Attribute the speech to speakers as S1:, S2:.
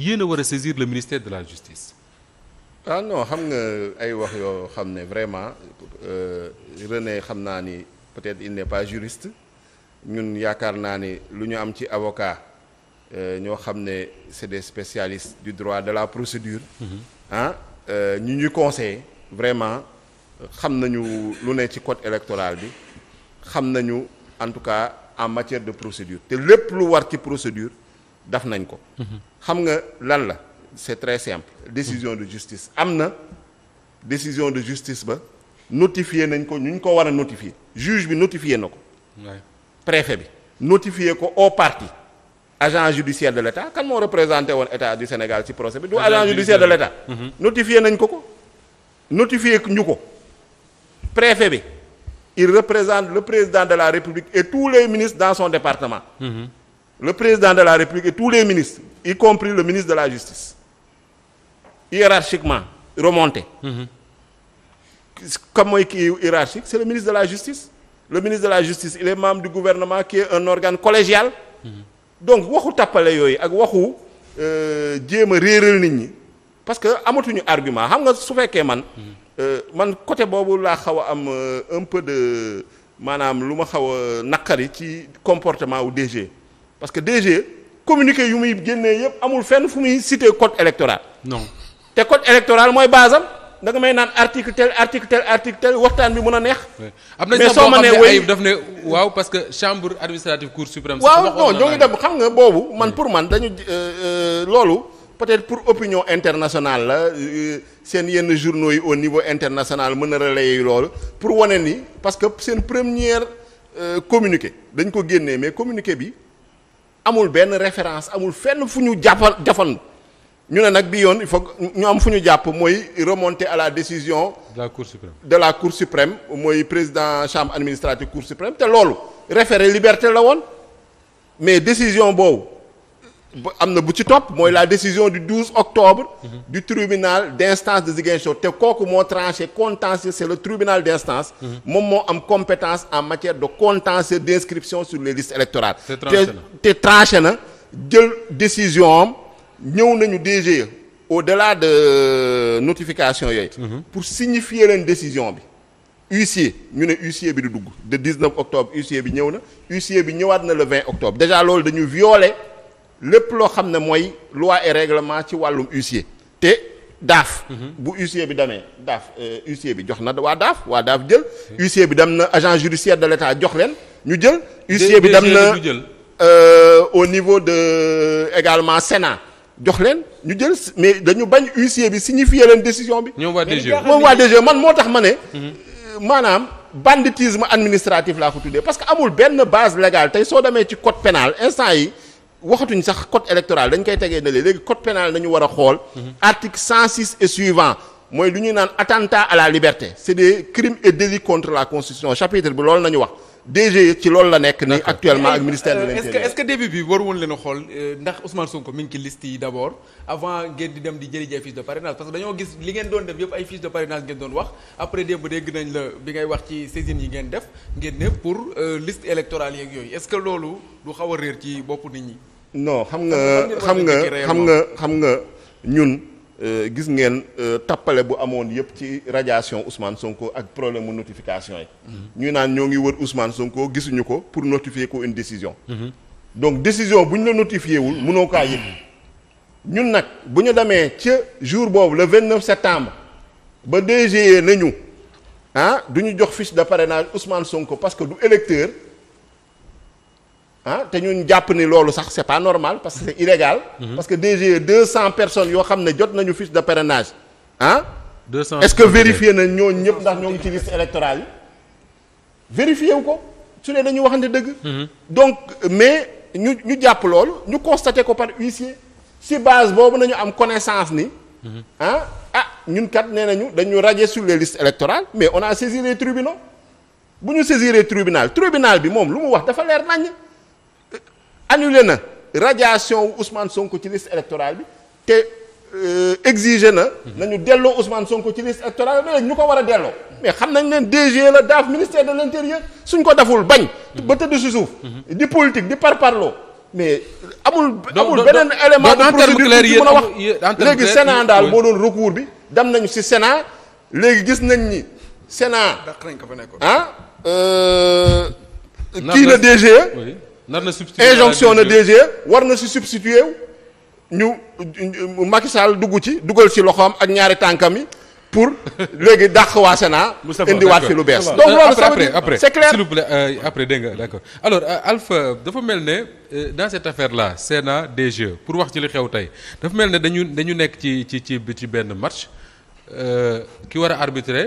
S1: yéen a war a saisir le ministère de la justice. ah non xam nga ay wax yoo xam ne vraiment euh, René xam naa ni peut-être il n'est pas juriste ñun yaakaar naa ni lu ñu am ci avocat euh, ñoo xam ne c'est des spécialistes du droit de la procédure. Mm-hmm. ah euh, ñu ñuy conseiller vraiment xam nañu lu ne ci code électoral bi xam nañu en tout cas en matière de procédure te lépp lu war ci procédure. daf nañ ko. Mhm. xam nga lan la c'est très simple. décision de justice am na décision de justice ba notifié nañ ko ñu ñu ko war a notifié juge bi notifié na ko. préfet bi notifié ko au parti agent judiciaire de l'État kan moo représenté woon état du Sénégal ci procès bi du agent judiciaire de l'État. Mhm. notifié nañ ko ko notifié ñu ko préfet bi il représente le président de la République et tous les ministres dans son département. Mhm. le président de la République et tous les ministres y compris le ministre de la Justice hiérarchiquement remonté comme mooy kii hiérarchique c'est le ministre de la Justice le ministre de la Justice il est membre du gouvernement qui est un organe collégial donc waxu tappale yooyu ak waxu euh, jéem a réeral nit ñi parce que amatuñu argument xam nga su fekkee man euh, man côté boobu laa xaw a am euh, un peu de maanaam lu ma xaw a naqari ci comportement wu DG parce que DG communiqué yu muy génnee yëpp amul fenn fu muy cité code électoral. non te code électoral mooy base am may naan article tel article tel article tel waxtaan bi mën a neex. am nañ sax boo xam ne ayib waaw parce que chambre administrative cour suprême. waaw non ñoo ngi dem xam nga boobu man pour man dañu euh, euh, loolu. peut-être pour opinion internationale la euh, seen yenn journaux yi au niveau international mën a relayer loolu pour wane ni parce que seen première communiqué dañ ko génnee mais communiqué bi. amul benn référence amul fenn fu ñu jàppa jafandu ñu ne nag bi yoon il faut ñu am fu ñu jàpp mooy remonter à la décision de la cour suprême de la cour suprême mooy président chambre administrative cour suprême te loolu référé liberté la woon mais décision boobu am na bu ci topp mooy la décision du 12 octobre mhm. du tribunal d'instance de Ziguinchor te kooku moo tranché contentieux c'est le tribunal d'instance mhm. moom moo am compétence en matière de contentieux d'inscription sur les listes électorales te tranché na jël décision am ñëw nañu DG au-delà de notification yooyu mhm. pour signifier leen décision bi huissier ñu ne huissier bi du dugg de 19 octobre huissier bi ñëw na huissier bi ñëwaat na le 20 octobre déjà loolu dañu violé lépp loo xam ne mooy loi réglement ci wàllum huissier te daaf mhm. bu huissier bi demee daaf euh, huissier bi jox na waa daaf waa daaf jël huissier bi dem na agent judiciaire de l'État jox leen ñu jël huissier bi dem na euh, au niveau de également Sénat jox leen ñu jël mais dañu bañ huissier bi signifier leen décision bi ñoom waa DG moom waa DG man moo tax ma ne mhm. euh, maanaam banditisme administratif laa ko tuddee parce que amul benn base légale tey soo demee ci code pénal instant yi waxatuñu sax code électoral dañ koy tegee ne léegi code pénal nañu war a xool. article 106 et suivant mooy lu ñuy naan attentat à la liberté. c' est des et délits contre la constitution chapitre bi loolu nañu wax. DG ci loolu la nekk ni actuellement ak ministère de euh, l'intérieur est-ce que début bi war woon leen a xool euh, ndax Ousmane Sonko mi ngi ci yi d'abord avant ngeen di dem di jëli ji ay fiche de parrainage parce que dañoo gis li ngeen doon def yëpp ay fiche de parrainage ngeen doon wax après démb dégg nañ la bi ngay wax ci saisine yi ngeen def ngeen ne pour euh, liste électorale yeeg yooyu est-ce que loolu du xaw réer ci bopp nit ñi non xam nga xam nga xam nga xam nga ñun Euh, gis ngeen euh, tappale bu amoon yëpp ci radiation Ousmane Sonko ak problème mu notification yi. Mhm. ñu naan ñoo ngi wër Ousmane Sonko gisuñu ko pour notifier ko une décision. Mhm. donc décision bu ñu la notifié wul mënoo ñun nag bu ñu demee ca jour boobu le 29 septembre ba DGE nañu ah du ñu jox fiche de parrainage Ousmane Sonko parce que du électeur. ah te ñun jàpp ni loolu sax c'est pas normal parce que c'est illégal. Mhm. parce que DGE 200 personnes yoo xam ne jot nañu fiche de parrainage ah. 200 est-ce que vérifier na ñooñu ñëpp ndax ñoo ngi ci liste électorale yi vérifié wu ko su dee dañu waxante dëgg. Mhm. donc mais ñu ñu jàpp loolu ñu constaté ko par huissier si base boobu nañu am connaissance ni. Mhm. ah ah ñun kat nee nañu dañu raje sur les listes mais on a saisi les bu ñu saisire tribunal tribunal bi moom lu mu wax dafa leer naññ. annulé na radiation wu Ousmane Sonko ci liste électorale bi te euh, exigé na. nañu delloo Ousmane Sonko ci liste électorale bi ñu ko war a delloo. mais xam nañ leen DG la daaf ministère de l' intérieur suñ ko deful bañ. ba tëdd si suuf. di politique di parparloo. mais amul. amul beneen élément de procédure bi mën a wax léegi daal moo doon recours bi. dem nañu si Sénat léegi gis nañ ni Sénat. dàq nañ ko fa nekkoon ah. Euh, kii la DG. E? nar na substituer injonction na DG war na si substituer ñu Macky Sall dugg ci dugal si loxoom ak ñaari tànkam yi pour léegi dàq waa Sénat. indiwaat fi lu bees. donc loolu ça veut dire après c'est clair s'il vous euh, après dégg nga d'accord alors euh, Alpha dafa mel ne euh, dans cette affaire là Sénat DG pour wax ci li xew tey dafa mel ne dañu dañu nekk ci ci ci ci benn match ki war a arbitrer.